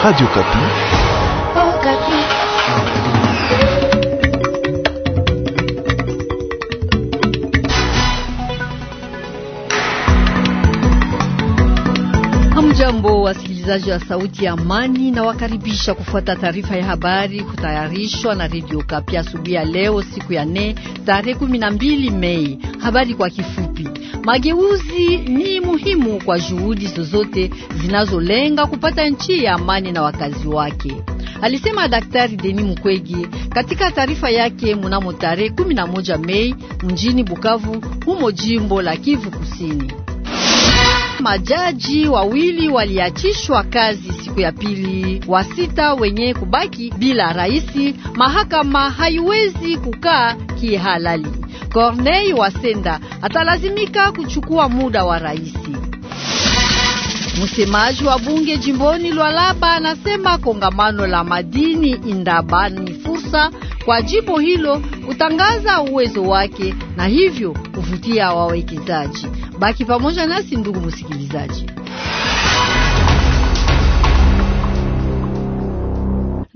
Radio Kapi. Oh, Kapi. Hamjambo wasikilizaji wa sauti ya amani na wakaribisha kufuata taarifa ya habari kutayarishwa na Radio Kapi asubuhi ya leo siku ya nne tarehe 12 Mei. Habari kwa kifupi. Mageuzi ni muhimu kwa juhudi zozote zinazolenga kupata nchi ya amani na wakazi wake, alisema Daktari Denis Mukwege katika taarifa yake mnamo tarehe 11 Mei mjini Bukavu, humo jimbo la Kivu Kusini. Majaji wawili waliachishwa kazi siku ya pili, wa sita wenye kubaki bila raisi. Mahakama haiwezi kukaa kihalali. Corneille Wasenda atalazimika kuchukua muda wa rais. Msemaji wa bunge jimboni Lwalaba anasema kongamano la madini Indaba ni fursa kwa jimbo hilo kutangaza uwezo wake na hivyo kuvutia wawekezaji. Baki pamoja nasi ndugu msikilizaji.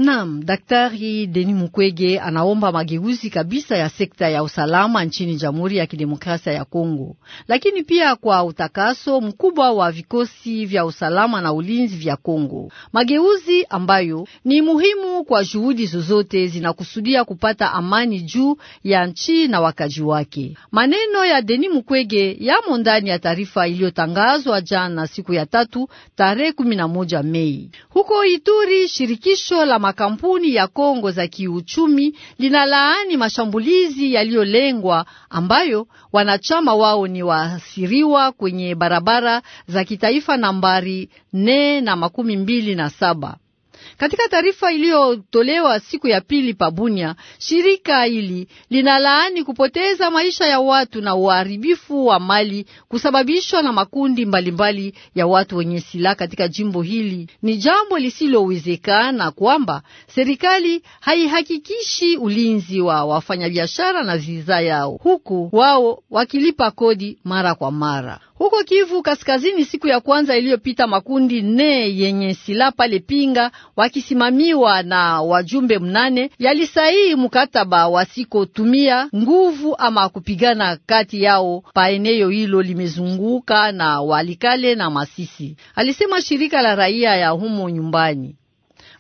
Naam, Daktari Deni Mukwege anaomba mageuzi kabisa ya sekta ya usalama nchini Jamhuri ya Kidemokrasia ya Kongo, lakini pia kwa utakaso mkubwa wa vikosi vya usalama na ulinzi vya Kongo, mageuzi ambayo ni muhimu kwa juhudi zozote zinakusudia kupata amani juu ya nchi na wakaji wake. Maneno ya Deni Mukwege yamo ndani ya taarifa iliyotangazwa jana siku ya tatu tarehe 11 Mei huko Ituri, shirikisho la kampuni ya Kongo za kiuchumi linalaani mashambulizi yaliyolengwa ambayo wanachama wao ni waasiriwa kwenye barabara za kitaifa nambari 4 na makumi mbili na saba. Katika taarifa iliyotolewa siku ya pili pabunya, shirika hili linalaani kupoteza maisha ya watu na uharibifu wa mali kusababishwa na makundi mbalimbali mbali ya watu wenye silaha katika jimbo hili. Ni jambo lisilowezekana kwamba serikali haihakikishi ulinzi wa wafanyabiashara na viza yao, huku wao wakilipa kodi mara kwa mara. Huko Kivu Kaskazini, siku ya kwanza iliyopita, makundi nne yenye silaha pale Pinga wakisimamiwa na wajumbe mnane yalisaini mkataba wasikotumia nguvu ama kupigana kati yao pa eneo hilo limezunguka na Walikale na Masisi, alisema shirika la raia ya humo nyumbani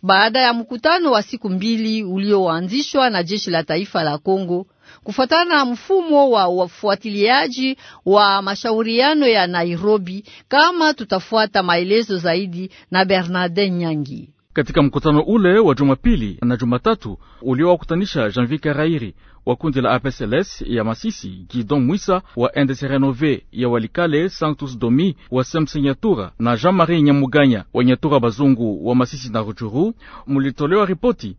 baada ya mkutano wa siku mbili ulioanzishwa na jeshi la taifa la Kongo kufuatana na mfumo wa wafuatiliaji wa mashauriano ya Nairobi, kama tutafuata maelezo zaidi na Bernard Nyangi katika mkutano ule wa Jumapili na Jumatatu uliowakutanisha Janvier Karairi wa kundi la APSLS ya Masisi, Guidon Mwisa wa NDC Renove ya Walikale, Sanctus Domi wa Semse Nyatura na Jean-Marie Nyamuganya wa Nyatura Bazungu wa Masisi na Rutshuru, mulitolewa ripoti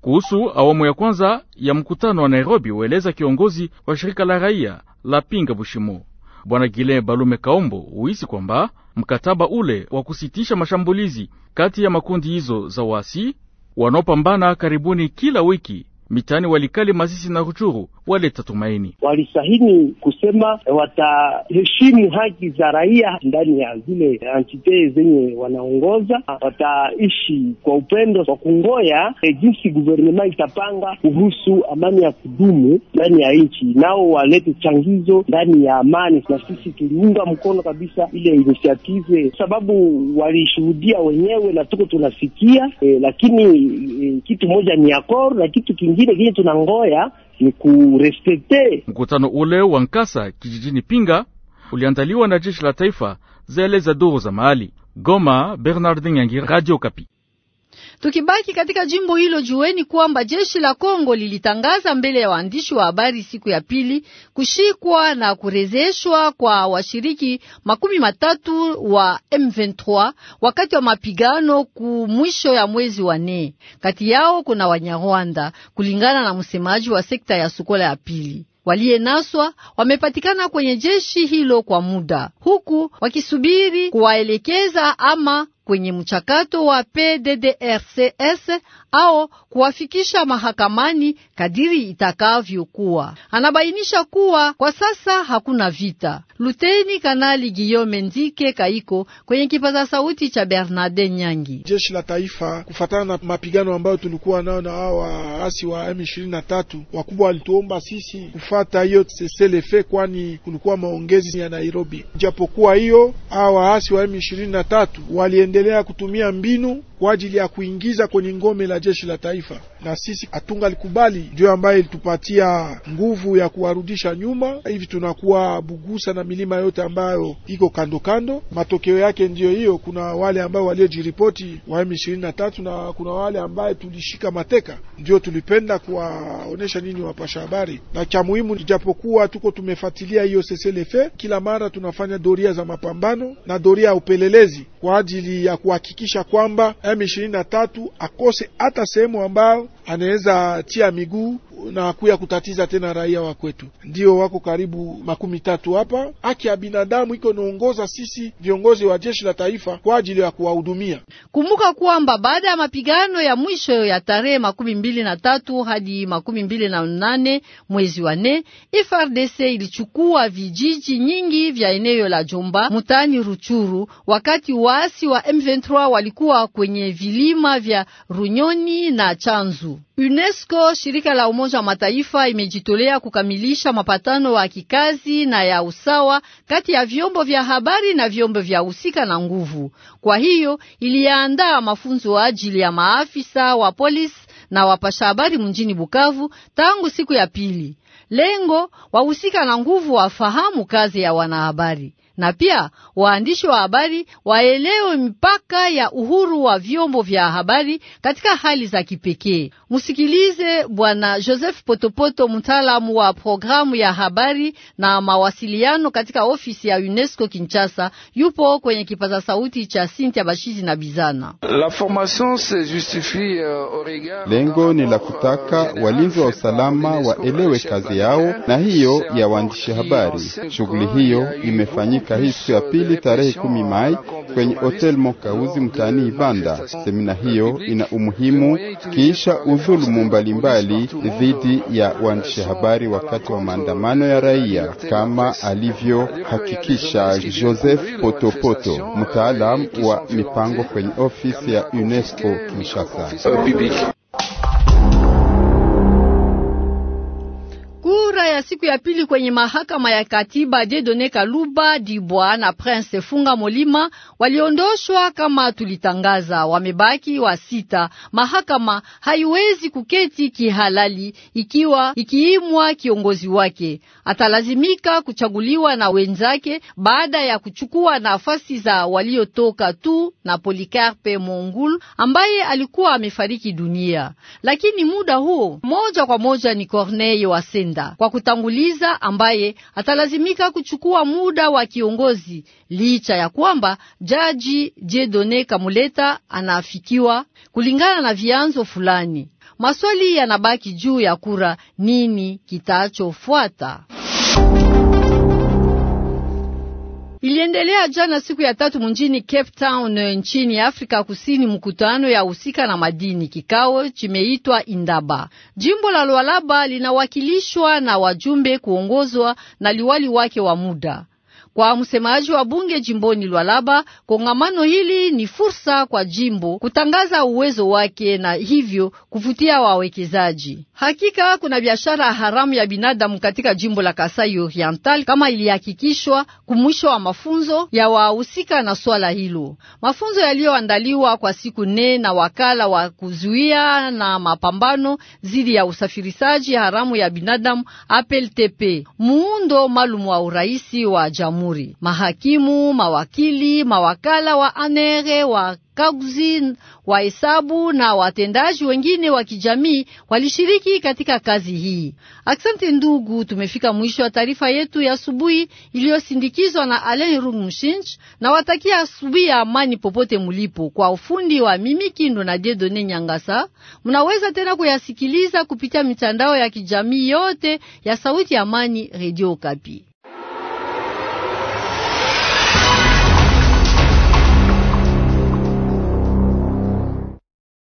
kuhusu awamu ya kwanza ya mkutano wa Nairobi, waeleza kiongozi wa shirika la raia la Pinga Bushimo. Bwana Gile Balume Kaombo huisi kwamba mkataba ule wa kusitisha mashambulizi kati ya makundi hizo za waasi wanaopambana karibuni kila wiki mitaani Walikale, Masisi na Ruchuru waleta tumaini. Walisahini kusema wataheshimu haki za raia ndani ya zile antite zenye wanaongoza, wataishi kwa upendo kwa kungoya e, jinsi guvernema itapanga kuhusu amani ya kudumu ndani ya nchi, nao walete changizo ndani ya amani. Na sisi tuliunga mkono kabisa ile inisiative, sababu walishuhudia wenyewe na tuko tunasikia e, lakini e, kitu moja ni akor na kitu kingi kingine kile tunangoya ni kurespekte. Mkutano ule wa Nkasa kijijini Pinga uliandaliwa na jeshi la taifa, zaeleza duru za mahali. Goma, Bernardin Yangi, Radio Kapi. Tukibaki katika jimbo hilo, jueni kwamba jeshi la Kongo lilitangaza mbele ya waandishi wa habari siku ya pili kushikwa na kurejeshwa kwa washiriki makumi matatu wa M23 wakati wa mapigano ku mwisho ya mwezi wa nne. Kati yao kuna Wanyarwanda, kulingana na msemaji wa sekta ya Sukola ya pili waliyenaswa wamepatikana kwenye jeshi hilo kwa muda huku wakisubiri kuwaelekeza ama kwenye mchakato wa PDDRCS au kuwafikisha mahakamani kadiri itakavyokuwa. Anabainisha kuwa kwa sasa hakuna vita. Luteni Kanali Guillaume Ndike Kaiko kwenye kipaza sauti cha Bernarde Nyangi. Jeshi la taifa kufatana na mapigano ambayo tulikuwa nayo na hao waasi wa M23, wakubwa walituomba sisi kufata hiyo seselefe, kwani kulikuwa maongezi ya Nairobi. Japokuwa hiyo hao waasi wa M23 waliende aliendelea kutumia mbinu kwa ajili ya kuingiza kwenye ngome la jeshi la taifa, na sisi hatunga likubali, ndio ambaye ilitupatia nguvu ya kuwarudisha nyuma. Hivi tunakuwa Bugusa na milima yote ambayo iko kando kando, matokeo yake ndiyo hiyo. Kuna wale ambao waliojiripoti wa M23 na kuna wale ambaye tulishika mateka, ndio tulipenda kuwaonesha nini wapasha habari, na cha muhimu, ijapokuwa tuko tumefuatilia hiyo seselefe, kila mara tunafanya doria za mapambano na doria ya upelelezi kwa ajili ya kuhakikisha kwamba M23 akose hata sehemu ambayo anaweza tia miguu na kuya kutatiza tena raia wa kwetu. Ndio wako karibu makumi tatu hapa. Haki ya binadamu iko naongoza sisi viongozi wa jeshi la taifa kwa ajili ya kuwahudumia. Kumbuka kwamba baada ya mapigano ya mwisho ya tarehe makumi mbili na tatu hadi makumi mbili na nane mwezi wa nne, FARDC ilichukua vijiji nyingi vya eneo la Jomba mutani Ruchuru, wakati waasi wa M23 walikuwa kwenye vilima vya Runyoni na Chanzu. UNESCO, shirika la umo Umoja wa Mataifa imejitolea kukamilisha mapatano ya kikazi na ya usawa kati ya vyombo vya habari na vyombo vya husika na nguvu. Kwa hiyo iliandaa mafunzo ajili ya maafisa wa polisi na wapasha habari mjini Bukavu tangu siku ya pili. Lengo wahusika na nguvu wafahamu kazi ya wanahabari na pia waandishi wa habari waelewe mipaka ya uhuru wa vyombo vya habari katika hali za kipekee. Msikilize Bwana Joseph Potopoto, mtaalamu wa programu ya habari na mawasiliano katika ofisi ya UNESCO Kinshasa, yupo kwenye kipaza sauti cha Sintia Bashizi na Bizana. La formation se justifie euh, au regard, lengo ni la kutaka euh, walinzi wa usalama waelewe kazi yao na hiyo ya waandishi habari. Shughuli hiyo euh, imefanyika katika hii siku ya pili tarehe kumi Mai kwenye hotel Mokauzi mtaani Ibanda. Semina hiyo ina umuhimu kisha udhulumu mbalimbali dhidi ya waandishi habari wakati wa maandamano ya raia, kama alivyohakikisha Joseph Potopoto, mtaalamu wa mipango kwenye ofisi ya UNESCO Kinshasa. siku ya pili kwenye mahakama ya katiba Jedone Kaluba Dibwa na Prince Funga Molima waliondoshwa kama tulitangaza, wamebaki wa sita. Mahakama haiwezi kuketi kihalali ikiwa ikiimwa kiongozi wake, atalazimika kuchaguliwa na wenzake baada ya kuchukua nafasi za waliotoka tu na Polikarpe Mongul ambaye alikuwa amefariki dunia, lakini muda huo moja kwa moja ni Corneille Wasenda kwa kuta kumtanguliza ambaye atalazimika kuchukua muda wa kiongozi, licha ya kwamba jaji Jedone Kamuleta anaafikiwa kulingana na vyanzo fulani. Maswali yanabaki juu ya kura, nini kitachofuata? iliendelea jana siku ya tatu mjini Cape Town eh, nchini Afrika Kusini, mkutano ya husika na madini. Kikao chimeitwa Indaba. Jimbo la Lualaba linawakilishwa na wajumbe kuongozwa na liwali wake wa muda. Kwa msemaji wa bunge jimboni lwalaba kongamano hili ni fursa kwa jimbo kutangaza uwezo wake na hivyo kuvutia wawekezaji. Hakika kuna biashara haramu ya binadamu katika jimbo la Kasai Oriental kama ilihakikishwa kumwisho wa mafunzo ya wahusika na swala hilo, mafunzo yaliyoandaliwa kwa siku nne na wakala wa kuzuia na mapambano dhidi ya usafirishaji haramu ya binadamu APLTP, muundo maalum wa uraisi wa jamhuri. Jamhuri. Mahakimu, mawakili, mawakala wa anere, wa wakaguzi wa hesabu na watendaji wengine wa kijamii walishiriki katika kazi hii. Aksante ndugu, tumefika mwisho wa taarifa yetu ya asubuhi iliyosindikizwa na Alen Rugmshinch na watakia asubuhi ya amani popote mulipo. Kwa ufundi wa mimi Kindo na Dedone Nyangasa, mnaweza tena kuyasikiliza kupitia mitandao ya kijamii yote ya Sauti ya Amani, redio Kapi.